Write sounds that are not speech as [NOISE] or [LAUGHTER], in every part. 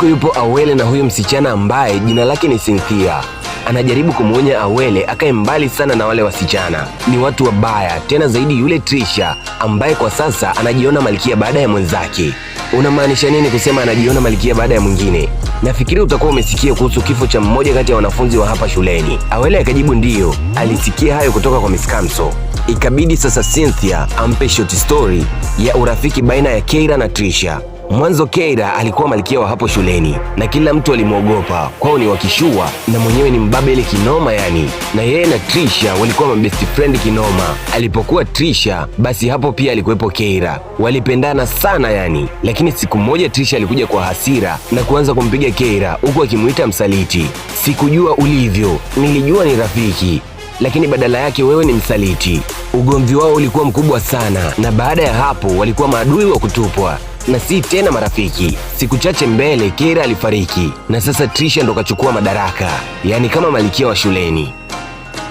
Marco yupo Awele na huyu msichana ambaye jina lake ni Cynthia. Anajaribu kumwonya Awele akae mbali sana na wale wasichana, ni watu wabaya, tena zaidi yule Trisha ambaye kwa sasa anajiona malkia baada ya mwenzake. Unamaanisha nini kusema anajiona malkia baada ya mwingine? Nafikiri utakuwa umesikia kuhusu kifo cha mmoja kati ya wanafunzi wa hapa shuleni. Awele akajibu ndiyo, alisikia hayo kutoka kwa Miss Kamso. Ikabidi sasa Cynthia ampe short story ya urafiki baina ya Keira na Trisha. Mwanzo Keira alikuwa malkia wa hapo shuleni na kila mtu alimwogopa, kwao ni wakishua na mwenyewe ni mbabeli kinoma yani, na yeye na Trisha walikuwa mabest friend kinoma. Alipokuwa Trisha, basi hapo pia alikuwepo Keira, walipendana sana yani. Lakini siku moja Trisha alikuja kwa hasira na kuanza kumpiga Keira huku akimuita msaliti. Sikujua ulivyo, nilijua ni rafiki lakini badala yake wewe ni msaliti. Ugomvi wao ulikuwa mkubwa sana, na baada ya hapo walikuwa maadui wa kutupwa na si tena marafiki. Siku chache mbele Kera alifariki na sasa Trisha ndo kachukua madaraka, yaani kama malikia wa shuleni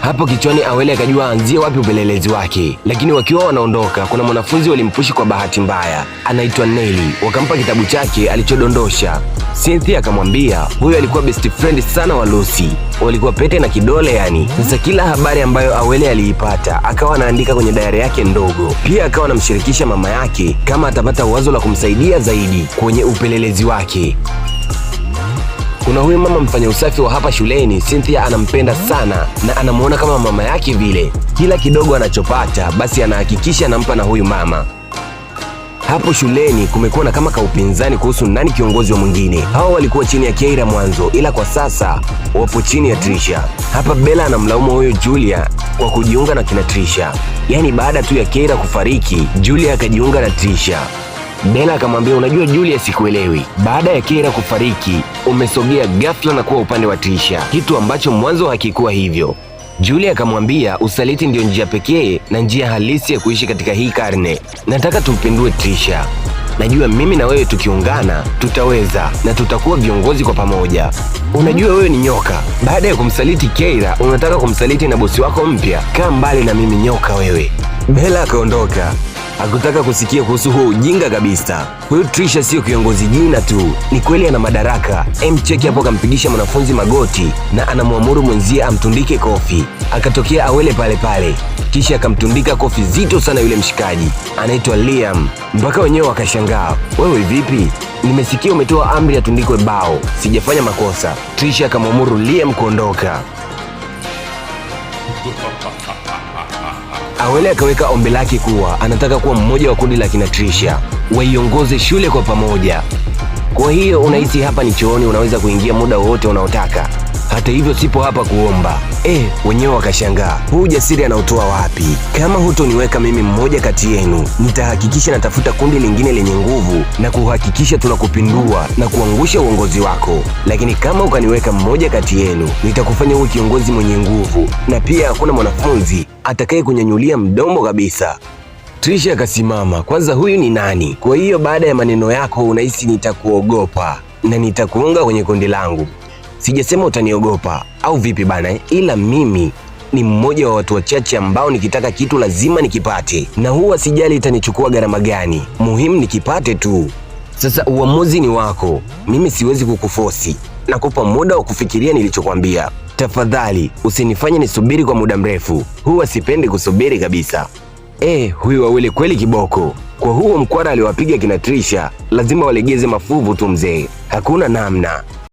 hapo kichwani Awele akajua aanzie wapi upelelezi wake. Lakini wakiwa wanaondoka, kuna mwanafunzi walimpushi kwa bahati mbaya, anaitwa Neli. Wakampa kitabu chake alichodondosha. Cynthia akamwambia huyo alikuwa best friend sana wa Lucy, walikuwa pete na kidole yani. Sasa kila habari ambayo Awele aliipata akawa anaandika kwenye dayari yake ndogo. Pia akawa anamshirikisha mama yake kama atapata wazo la kumsaidia zaidi kwenye upelelezi wake. Kuna huyu mama mfanya usafi wa hapa shuleni, Cynthia anampenda sana na anamwona kama mama yake vile. Kila kidogo anachopata basi anahakikisha anampa na huyu mama. Hapo shuleni kumekuwa na kama kaupinzani kuhusu nani kiongozi wa mwingine. Hawa walikuwa chini ya Keira mwanzo, ila kwa sasa wapo chini ya Trisha. Hapa Bella anamlaumu huyo Julia kwa kujiunga na kina Trisha, yaani baada tu ya Keira kufariki, Julia akajiunga na Trisha. Bella akamwambia, unajua Julia, sikuelewi. Baada ya Keira kufariki umesogea ghafla na kuwa upande wa Trisha, kitu ambacho mwanzo hakikuwa hivyo. Julia akamwambia usaliti ndiyo njia pekee na njia halisi ya kuishi katika hii karne. Nataka tumpindue Trisha. Najua mimi na wewe tukiungana tutaweza na tutakuwa viongozi kwa pamoja. Unajua wewe ni nyoka. Baada ya kumsaliti Keira, unataka kumsaliti na bosi wako mpya. Kaa mbali na mimi nyoka wewe. Bella akaondoka hakutaka kusikia kuhusu huo ujinga kabisa. huyu Trisha siyo kiongozi jina tu, ni kweli ana madaraka. Mcheki hapo akampigisha mwanafunzi magoti na anamwamuru mwenzie amtundike kofi, akatokea Awele pale pale, kisha akamtundika kofi zito sana yule mshikaji anaitwa Liam, mpaka wenyewe wakashangaa, wewe vipi? Nimesikia umetoa amri atundikwe bao. Sijafanya makosa. Trisha akamwamuru Liam kuondoka. [LAUGHS] Awele akaweka ombi lake kuwa anataka kuwa mmoja wa kundi la kina Trisha, waiongoze shule kwa pamoja. Kwa hiyo unahisi hapa ni chooni, unaweza kuingia muda wowote unaotaka. Hata hivyo sipo hapa kuomba. Eh, wenyewe wakashangaa huu ujasiri anautoa wapi? Kama hutoniweka mimi mmoja kati yenu, nitahakikisha natafuta kundi lingine lenye nguvu na kuhakikisha tunakupindua na kuangusha uongozi wako, lakini kama ukaniweka mmoja kati yenu, nitakufanya uwe kiongozi mwenye nguvu, na pia hakuna mwanafunzi atakaye kunyanyulia mdomo kabisa. Trisha akasimama. Kwanza, huyu ni nani? Kwa hiyo baada ya maneno yako unahisi nitakuogopa na nitakuunga kwenye kundi langu? Sijasema utaniogopa au vipi bana, ila mimi ni mmoja wa watu wachache ambao nikitaka kitu lazima nikipate, na huwa sijali itanichukua gharama gani, muhimu nikipate tu. Sasa uamuzi ni wako, mimi siwezi kukufosi. Nakupa muda wa kufikiria nilichokwambia. Tafadhali usinifanye nisubiri kwa muda mrefu, huwa sipendi kusubiri kabisa. Eh, huyu wawili kweli kiboko. Kwa huo mkwara aliwapiga kina Trisha, lazima walegeze mafuvu tu mzee, hakuna namna.